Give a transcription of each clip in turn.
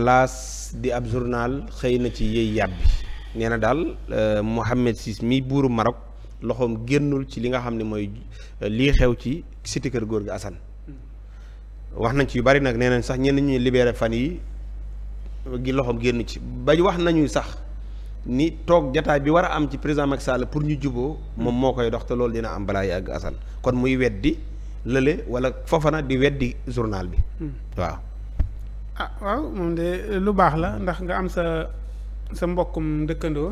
laas di ab journal xëy na ci yëy yàbbi nee na daal euh, Mohamed Sis mi buuru Maroc loxoom génnul ci li nga xam ne mooy euh, lii xew ci cité kër góor gi Assane wax nañ ci yu bari nag nee nañ sax ñenn ñuy libéré fan yi gi loxoom génn ci ba wax nañu sax ni toog jataay bi war a am ci président Macky Sall pour ñu juboo moom moo koy dox te loolu dina am balaa yàgg Assane kon muy weddi lële wala Fofana di weddi journal bi hmm. waaw Ah, waaw moom de lu baax la ndax nga am sa sa mbokkum dëkkandoo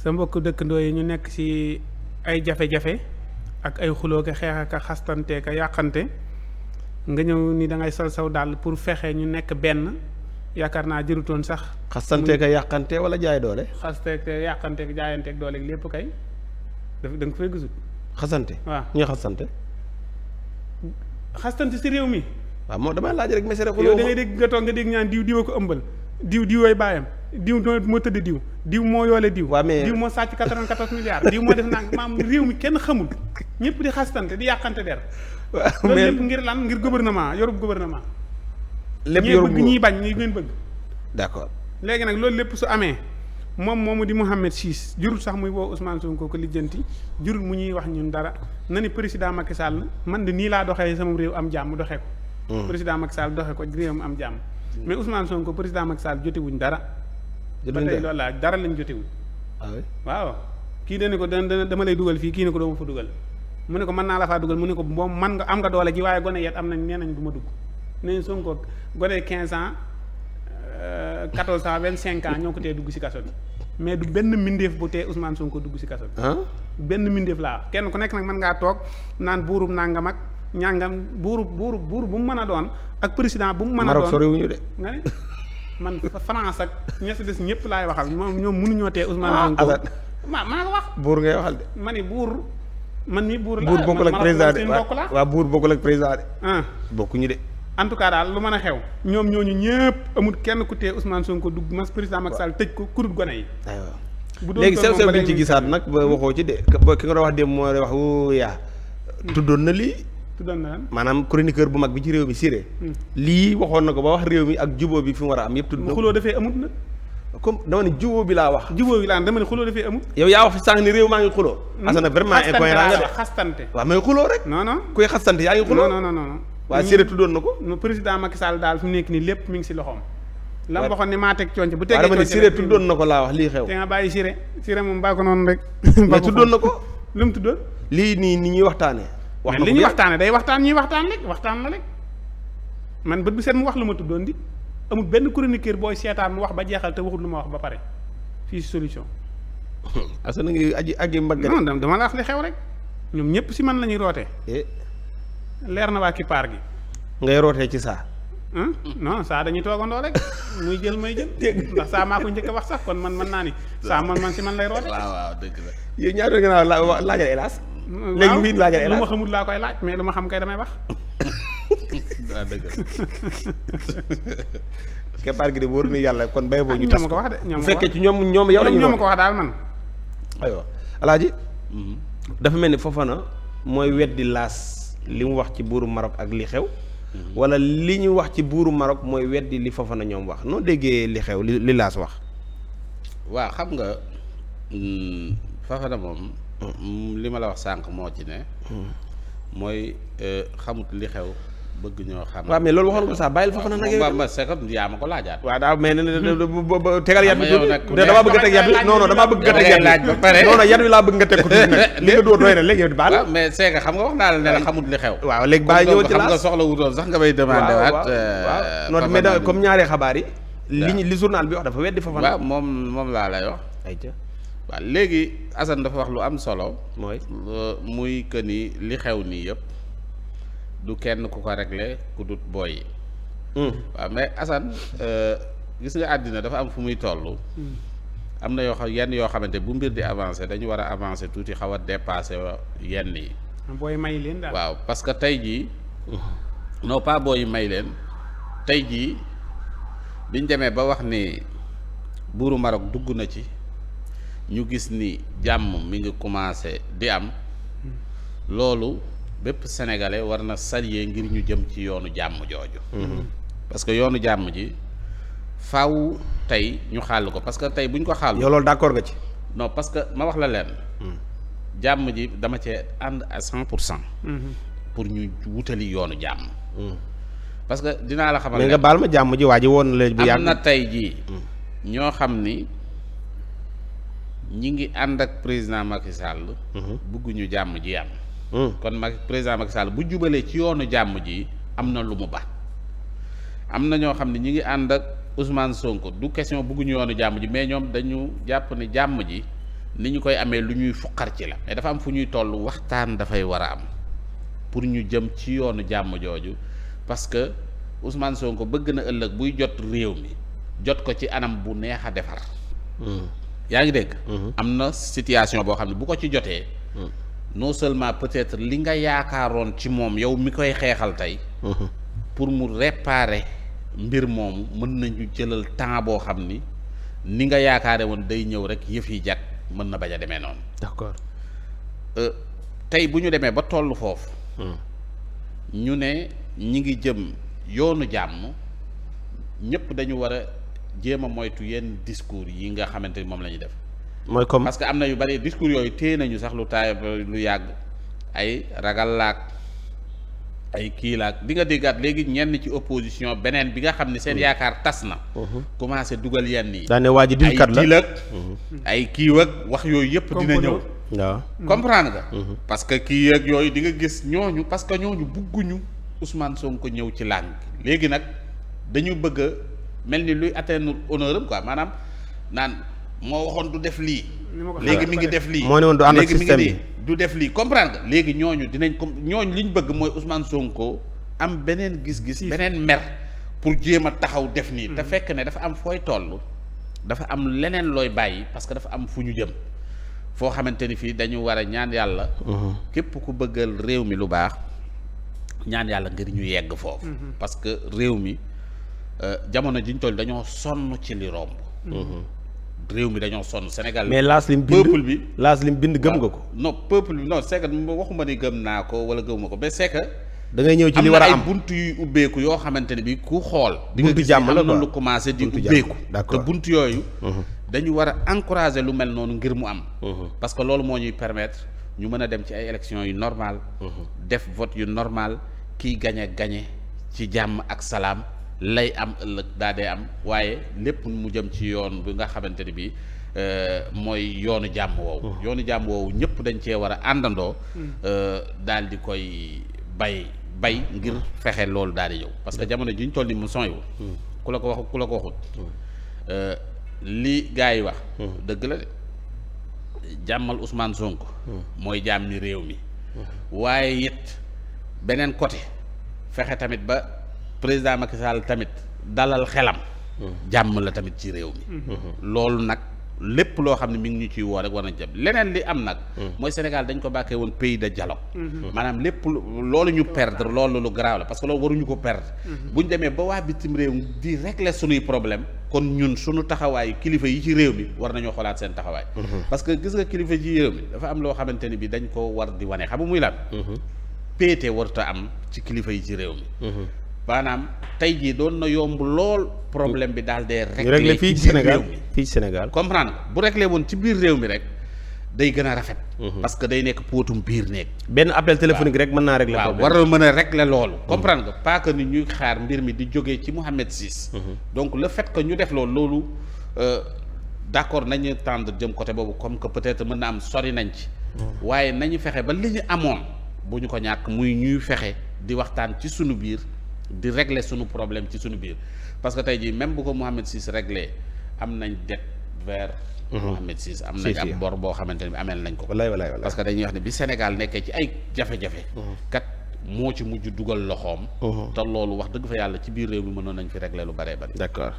sa mbokku dëkkandoo yi ñu nekk ci ay jafe-jafe ak ay xuloo ka xeex ak xastante ka yàqante nga ñëw ni da ngay sol saw daal pour fexe ñu nekk benn yaakaar naa jërutoon sax. xastante ka yàqante wala jaay doole. xastante yàqante jaayante ak doole lépp kay da nga ko fay gisul. xasante. waaw ñuy xasante. xastante ci réew mi. waaw moo damay laaj rek monsieur. yow da ngay dégg nga toog nga dégg ñaan diw diwa ko ëmbal diw diwooy bàyyam diw moo tëdd diw diw moo yoole diw. waaw mais diw moo sàcc 94 milliards diw moo def naan maam réew mi kenn xamul ñëpp di xastante di yàqante der. loolu lépp ngir lan ngir gouvernement yorub gouvernement. lépp yorub bëgg ñii bañ ñi ngeen bëgg. d'accord léegi nag loolu lépp su amee moom moom di Mouhamed Siis jurul sax muy woo Ousmane Sonko ko ko lijjanti jurul mu ñuy wax ñun dara na ni président Macky Sall man de nii laa doxee sama réew am jàmm doxee Mm. président Macky saal doxe ko réewam am jàmm. Mm. mais Ousmane Sonko président Macky Sall jotewuñ dara. ba tey loolu laa dara lañ jotewuñ ah waaw kii dana ko dana dama lay dugal fii kii ne ko doo ma fa dugal. mu ne ko mën naa la faa dugal mu ne ko moom man nga am nga doole ji waaye gone yet am nañ nee nañ du ma dugg nee nañ Sonko gone 15 ans 14 euh, ans 25 ans ñoo ko tee dugg si kaso bi mais du benn mbindeef bu tee Ousmane ko dugg si kaso bi. Ah? benn mbindeef laa kenn ku nekk nag mën ngaa toog naan buurum nangam ak. ñàngam buuru buuru buur bu mu mën a doon ak président bu mu mën a doon Maroc soriwuñu de nga man France ak ña si ñëpp laay waxal moom ñoom mënuñoo tee Ousmane ah, Sonko ma maa ko wax buur ngay waxal de ma ni buur man mi buur la buur bokkul ak président de waaw buur bokkul ak président de ah. bokkuñu de en tout cas daal lu mën a xew ñoom ñooñu ñëpp amul kenn ku tee Ousmane Sonko dugg mas président Macky Sall tëj ko kurut gone yi waaw léegi ci gisaat nag ba waxoo ci de ki nga doon wax dem moo wax hmm. tuddoon na lii tuddoon na maanaam chroniqueur bu mag bi ci réew mi Siré. Hmm. lii waxoon na ko ba wax réew mi ak jubóo bi fi mu war a am yëpp. tudd na xuloo dafay bi laa wax. jubóo bi laa dama ne xuloo dafay amut. yow yaa wax sànq ni réew maa ngi xuloo. Hmm. asana vraiment incohérent nga de xastante waaw mais xuloo rek. non non na ko. président Macky Sall daal fi mu nekk nii lépp mi ngi si loxoom. la mu waxoon ne maa teg coono bu tegee coono Siré na ko laa wax lii xew. te nga bàyyi Siré Siré moom baa ko na ko mu tuddoon lii nii ni ñuy waxtaanee wax na li ñuy waxtaane day waxtaan ñuy waxtaan waxtaan la rek man bët bu seet mu wax lu ma tuddoon di amul benn chroniqueur booy seetaan mu wax ba jeexal te waxul lu ma wax ba pare fii si solution. na ngi aji aji mbagg. non dama la wax li xew rek ñoom ñëpp si man la ñuy rootee. Eh? leer na waa kippaar gi. ngay rootee ci saa. non saa dañuy toogandoo rek muy jël may jël ndax saa maa ko njëkk wax sax kon man mën naa ni saa man man si man lay roote. dëgg la. yow ñaata nga laajal hélas. léegi muy laajal El laa koy laaj mais lu xam kay damay wax. ah dëgg gi de wóor na yàlla kon bay boo ñu tas ko wax de ñoom fekkee ci ñoom ñoom yow la ñu. ñoom ko wax daal man. aywa El Hadj. Mhm. dafa mel ni Fofana mooy weddi laas li mu wax ci buuru Maroc ak li xew. Mhm. wala li ñu wax ci buuru Maroc mooy weddi li Fofana ñoom wax noo déggee li xew li laas wax. waaw xam nga mm, Fofana moom. Mm, li ma la wax sànq moo ci ne. Mm. mooy euh, xamut li xew bëgg ñoo xam. waaw mais loolu waxoon ko sax bàyyil foofu nag. waaw moom a teg yat bi non non bëgg nga teg yat bi non non yat laa bëgg nga teg ko nag li nga mais Seck xam nga wax naa la ne la xamut li xew. waa léegi bàyyi ñëw ci la xam nga soxla wutoon sax nga may demandé waat. waaw euh, non mais comme ñaari xabaar yi. li li journal bi wax dafa weddi foofu. waaw moom moom laa lay wax. waaw léegi Assane dafa wax lu am solo. mooy euh, muy que ni li xew nii yëpp du kenn ku ko régler ku dut booy yi. Hmm. waaw mais Assane euh, gis nga àddina dafa am fu muy toll. Hmm. am na yoo xam yenn yoo xamante bu mbir di avancer dañu war a avancer tuuti xaw a dépasser yenn yi. booy may leen waaw parce que tey jii. Hmm. non pas booy may leen. tey jii biñ demee ba wax ni buuru Maroc dugg na ci. ñu gis ni jàmm mi ngi commencé di am loolu bépp sénégalais war na saluer ngir ñu jëm ci yoonu jàmm jooju parce que yoonu jàmm ji faw tey ñu xàll ko parce que tey bu ñu ko xàll yow loolu d'accord nga ci non parce que ma wax la leen hmm. jàmm ji dama cee ànd à cent pour cent hmm. pour ñu wutali yoonu jàmm hmm. parce que dinaa la xamal mais nga baal ma jàmm ji waa ji woon la bu yàgg am na tey jii ñoo xam ni ñi ngi ànd ak président Macky Sall. Mhm. bëgguñu jàmm ji am. Mhm. kon Macky président Macky Sall bu jubalee ci yoonu jàmm ji am na lu mu ba. am na ñoo xam ne ñi ngi ànd ak Ousmane Sonko du question bëgguñu yoonu jàmm ji mais ñoom dañu jàpp ne jàmm ji ni ñu koy amee lu ñuy fuqar ci la. mais dafa am fu ñuy toll waxtaan dafay war a am pour ñu jëm ci yoonu jàmm jooju parce que Ousmane Sonko bëgg na ëllëg buy jot réew mi jot ko ci anam bu neex a defar. Mhm. yaa ngi dégg. Mhm. am na situation boo xam ne bu ko ci jotee. Mhm. non seulement peut-être li nga yaakaaroon ci moom yow mi koy xeexal tey. Mhm. pour mu repare mbir moomu mën nañu jëlal temps boo xam ni ni nga yaakaare woon day ñëw rek yëf yi jag mën na bañ a demee noonu. d'accord euh, tey bu ñu demee ba tollu foofu. ñu ne ñi ngi jëm yoonu jàmm ñépp dañu war jéem a moytu yenn discours yi nga xamante ni moom la ñuy def. mooy comme parce que am na yu bari discours yooyu téye nañu sax lu taay lu yàgg ay ragal laag ay kii laag di nga déggaat léegi ñenn ci opposition beneen bi nga xam ne seen mm. yaakaar tas na. Mm-hmm. commencé dugal yenn yi. daane waa ji dilkat la ay dilag mm-hmm. ay wax yooyu yëpp dina ñëw. waaw comprendre nga. Mm-hmm. parce que kii ak yooyu di nga gis ñooñu parce que ñooñu bugguñu Ousmane ko ñëw ci làng léegi nag dañu bëgg mel ni luy atteindre honneur am quoi maanaam naan moo waxoon du def lii. léegi mi ngi def lii moo ne woon du ànd ak système bi du def lii comprendre nga léegi ñooñu dinañ comme ñooñu li ñu bëgg mooy Ousmane Sonko am beneen gis-gis. beneen mer pour jéem a taxaw def nii. te hmm. fekk ne dafa am fooy toll. dafa am leneen looy bàyyi parce que dafa am fu ñu jëm foo xamante ni fii dañu war a ñaan yàlla. Mhm. képp ku bëggal réew mi lu baax yàlla ngir ñu mhm. mi. Euh, jamono jiñ toll dañoo sonn ci li romb. Mhm. réew mi dañoo sonn Sénégal. mais laas lim bind peuple bi laas lim bind gëm nga ko. non peuple bi non c'est que waxuma ni gëm naa ko wala gëmuma ko mais c'est dangay ñëw ci li war a am bunt na yu ubbeeku yoo xamante ne bi ku xool. buntu jàmm la quoi lu commencé di ubbeeku. te bunt yooyu. Mhm. dañu war a encourager lu mel noonu ngir mu am. Mhm. parce que loolu moo ñuy permettre ñu mën a dem ci ay élections yu normal. def vote yu normal kiy gañ a gañe ci jàmm ak salaam. lay am ëllëg daa dee am waaye lépp mu jëm ci yoon bi nga xamante ni bii euh, mooy yoonu jàmm woowu yoonu jàmm woowu ñëpp dañ cee war a àndandoo euh, daal di koy bay bay ngir fexe loolu daal di ñëw parce que jamono ji ñu toll ni mu son yu ku la ko wax ku la ko waxut euh, li gars yi wax dëgg la de jàmmal Ousmane Sonko mooy jàmm ni réew mi waaye it beneen côté fexe tamit ba président Macky Sall tamit dalal xelam. jàmm la tamit ci réew mi. loolu nag lépp loo xam ne mu ngi ñu ciy woo rek war nañ jëm leneen li am nag. mooy Sénégal dañ ko bàkkee woon pays de dialogue. maanaam lépp lu loolu ñu perdre loolu lu garaaw la parce que loolu waruñu ko perdre. ñu demee ba waa bitim réew di régler sunuy problème kon ñun suñu taxawaay kilifa yi ci réew mi war nañoo xolaat seen taxawaay. parce que gis nga kilifa ci réew mi dafa am loo xamante ni bi dañ ko war di wane muy lan. péete warut a am ci kilifa yi ci réew mi. maanaam tey jii doon na yomb lool problème bi daal de régler fii ci Sénégal fii Sénégal comprendre bu régler woon ci biir réew mi rek day gën a rafet mhm. parce que day nekk póotum biir néeg benn appel téléphonique rek mën naa régler waaw war a mën a régler loolu mhm. comprendre nga pas que ni ñuy xaar mbir mi di jógee ci Mohamed Sis mhm. donc la fait ko ñu def loolu loolu euh, d'accord nañu tendre jëm côté boobu comme que peut-être mën na am sori nañ ci waaye nañu fexe ba li ñu amoon bu ñu ko ñàkk muy ñuy fexe di waxtaan ci sunu biir di régler suñu problème ci suñu biir parce que tey jii même bu ko Mohamed Ciss réglé am nañ dette vers mhm. Mohamed Ciss am nañ am bor boo xamante ne ameel nañ ko wallaay wallaay parce que dañuy wax ne bi Sénégal nekkee ci ay jafe-jafe mhm. kat moo ci mujj dugal loxoom mhm. te loolu wax dëgg fa yàlla ci biir réew mi mënoon nañ fi régler lu bëree bëri d'accord